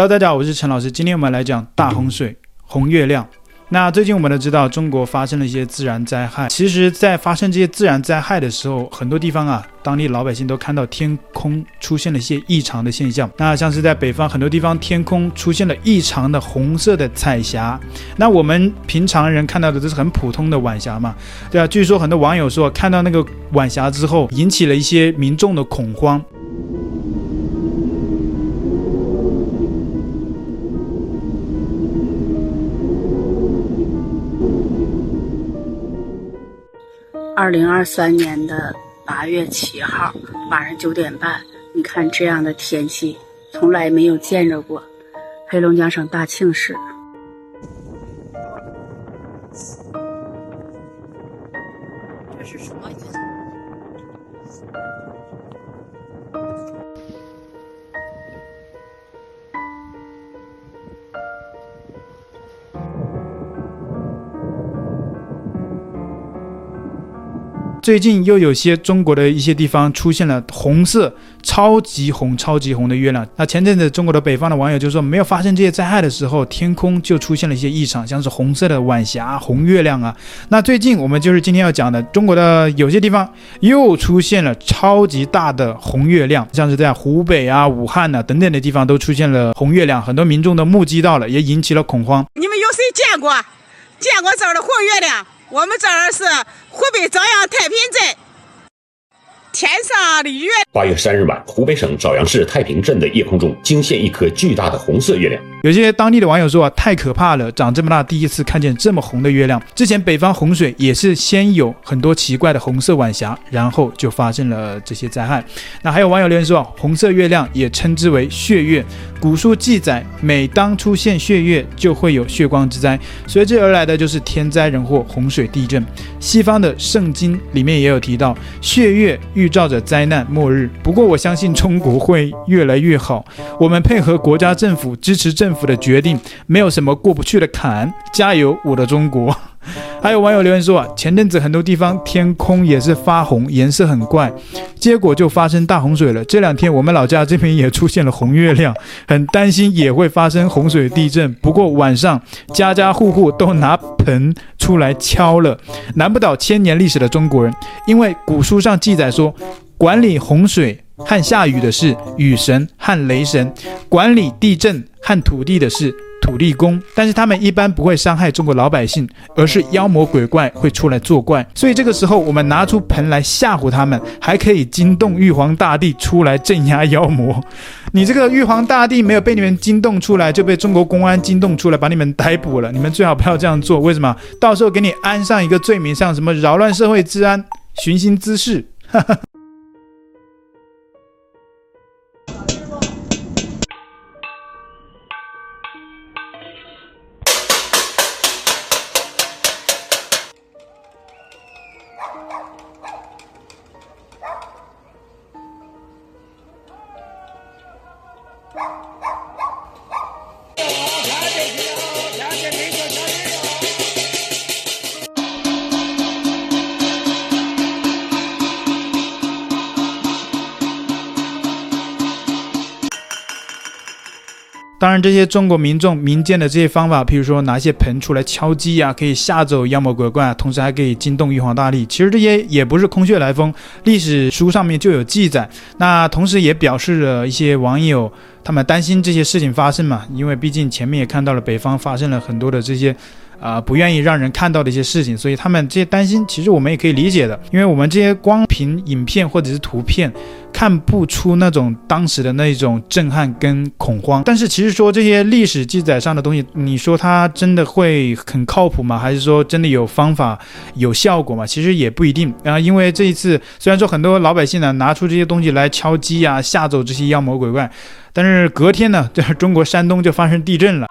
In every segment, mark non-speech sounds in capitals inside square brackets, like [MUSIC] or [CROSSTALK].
Hello，大家好，我是陳老師。今天我們來講大洪水、紅月亮。那最近我們都知道中國發生了一些自然災害。其實，在發生這些自然災害的時候，很多地方啊，當地老百姓都看到天空出現了一些異常的現象。那像是在北方很多地方，天空出現了異常的紅色的彩霞。那我們平常人看到的都是很普通的晚霞嘛，對啊，據說很多網友說，看到那個晚霞之後，引起了一些民眾的恐慌。二零二三年的八月七號晚上九點半，你看這樣的天氣，從來沒有見着過，黑龍江省大慶市。最近又有些中國的一些地方出現了紅色、超級紅、超級紅的月亮。那前陣子中國的北方的網友就說，沒有發生這些災害的時候，天空就出現了一些異常，像是紅色的晚霞、紅月亮啊。那最近我們就是今天要講的，中國的有些地方又出現了超級大的紅月亮，像是在湖北啊、武漢啊等等的地方都出現了紅月亮，很多民眾都目擊到了，也引起了恐慌。你們有誰見過見過這樣的紅月亮？我們這兒是湖北棗陽太平鎮。天上的月。八月三日晚，湖北省棗陽市太平鎮的夜空中驚現一顆巨大的紅色月亮。有些當地的網友說、啊：“太可怕了，長這麼大第一次看見這麼紅的月亮。”之前北方洪水也是先有很多奇怪的紅色晚霞，然後就發生了這些災害。那還有網友留言說、啊：“紅色月亮也稱之為血月，古書記載，每當出現血月，就會有血光之災，隨之而來的就是天災人禍、洪水、地震。”西方的聖經裡面也有提到血月。預兆着災難、末日。不過我相信中國會越來越好。我們配合國家政府、支持政府的決定，沒有什麼過不去的坎。加油，我的中國！還有網友留言說啊，前陣子很多地方天空也是發紅，顏色很怪，結果就發生大洪水了。這兩天我們老家這邊也出現了紅月亮，很擔心也會發生洪水、地震。不過晚上家家戶戶都拿盆出來敲了，難不倒千年歷史的中國人，因為古書上記載說，管理洪水和下雨的是雨神和雷神，管理地震和土地的是。土力工，但是他們一般不會傷害中國老百姓，而是妖魔鬼怪會出來作怪，所以這個時候我們拿出盆來嚇唬他們，還可以驚動玉皇大帝出來鎮壓妖魔。你這個玉皇大帝沒有被你們驚動出來，就被中國公安驚動出來把你們逮捕了，你們最好不要這樣做。為什麼？到時候給你安上一個罪名，像什麼擾亂社會治安、尋釁滋事。哈哈當然，這些中國民眾民間的這些方法，譬如說拿一些盆出來敲擊啊，可以嚇走妖魔鬼怪，同時還可以驚動玉皇大帝。其實這些也不是空穴來風，歷史書上面就有記載。那同時也表示着一些網友他們擔心這些事情發生嘛，因為畢竟前面也看到了北方發生了很多的這些。啊、呃，不願意讓人看到的一些事情，所以他們這些擔心，其實我們也可以理解的，因為我們這些光憑影片或者是圖片，看不出那種當時的那種震撼跟恐慌。但是其實說這些歷史記載上的東西，你說它真的會很靠譜嗎？還是說真的有方法，有效果嗎？其實也不一定。啊、呃。因為這一次，雖然說很多老百姓呢拿出這些東西來敲擊啊，嚇走這些妖魔鬼怪，但是隔天呢，就是中國山東就發生地震了。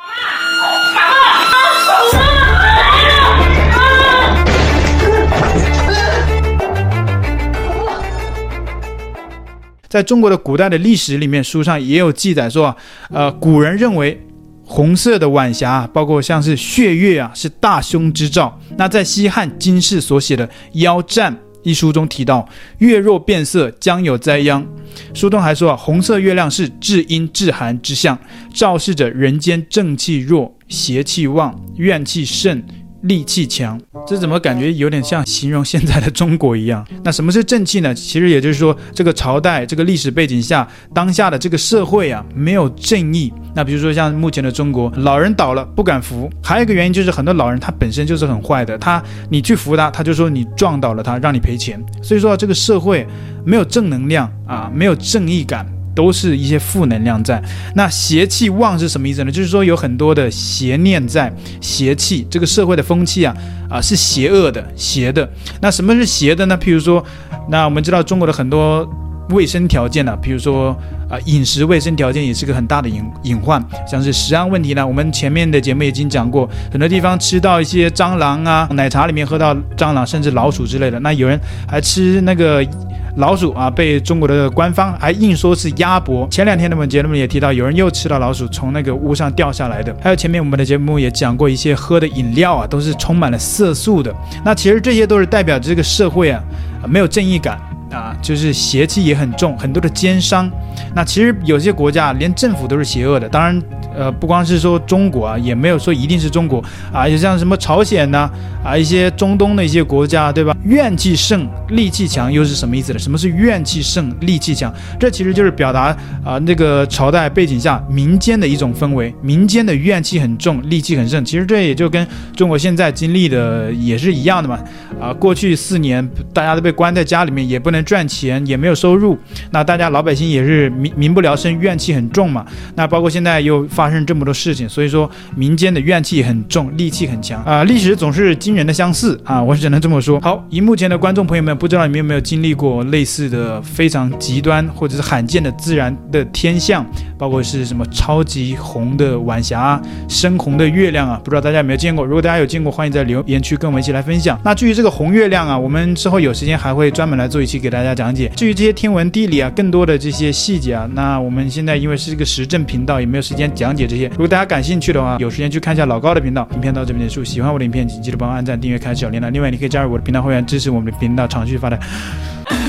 在中國的古代的歷史裡面，書上也有記載說啊，呃，古人認為紅色的晚霞，包括像是血月啊，是大凶之兆。那在西漢京氏所寫的《妖占》一書中提到，月若變色，將有災殃。書中還說啊，紅色月亮是至陰至寒之象，昭示着人間正氣弱，邪氣旺，怨氣盛。戾氣強，這怎麼感覺有點像形容現在的中國一樣？那什麼是正氣呢？其實也就是說，這個朝代、這個歷史背景下，當下的這個社會啊，沒有正義。那比如說像目前的中國，老人倒了不敢扶，還有一個原因就是很多老人他本身就是很壞的，他你去扶他，他就說你撞倒了他，讓你賠錢。所以說啊，這個社會沒有正能量啊，沒有正義感。都是一些負能量在。那邪氣旺是什麼意思呢？就是說有很多的邪念在，邪氣，這個社會的風氣啊，啊、呃、是邪惡的，邪的。那什麼是邪的呢？譬如說，那我們知道中國的很多衛生條件呢、啊，譬如說啊、呃，飲食衛生條件也是個很大的隱隱患，像是食安問題呢。我們前面的節目已經講過，很多地方吃到一些蟑螂啊，奶茶裡面喝到蟑螂，甚至老鼠之類的。那有人還吃那個。老鼠啊，被中國的官方還硬說是鴨脖。前兩天的我們節目也提到，有人又吃到老鼠從那個屋上掉下來的。還有前面我們的節目也講過，一些喝的飲料啊，都是充滿了色素的。那其實這些都是代表着這個社會啊，沒有正義感。啊，就是邪氣也很重，很多的奸商。那其實有些國家連政府都是邪惡的。當然，呃，不光是說中國啊，也沒有說一定是中國啊。有像什麼朝鮮呐，啊，啊，一些中東的一些國家，對吧？怨氣盛，戾氣強，又是什麼意思呢？什麼是怨氣盛，戾氣強？這其實就是表達啊，呃，那個朝代背景下民間的一種氛圍，民間的怨氣很重，戾氣很盛。其實這也就跟中國現在經歷的也是一樣的嘛。啊，過去四年大家都被關在家裡面，也不能。賺錢也沒有收入，那大家老百姓也是民民不聊生，怨氣很重嘛。那包括現在又發生這麼多事情，所以說民間的怨氣很重，戾氣很強啊、呃。歷史總是驚人的相似啊，我只能這麼說。好，螢幕前的觀眾朋友們，不知道你們有沒有經歷過類似的非常極端或者是罕見的自然的天象，包括是什麼超級紅的晚霞、深紅的月亮啊？不知道大家有沒有見過？如果大家有見過，歡迎在留言區跟我們一起來分享。那至於這個紅月亮啊，我們之後有時間還會專門來做一期給。給大家講解。至於這些天文地理啊，更多的這些細節啊，那我們現在因為是一個時政頻道，也沒有時間講解這些。如果大家感興趣的話，有時間去看一下老高的頻道。影片到這邊結束。喜歡我的影片，請記得幫我按讚、訂閱、開始小鈴鐺。另外，你可以加入我的頻道會員，支持我們的頻道持續發展。 [LAUGHS]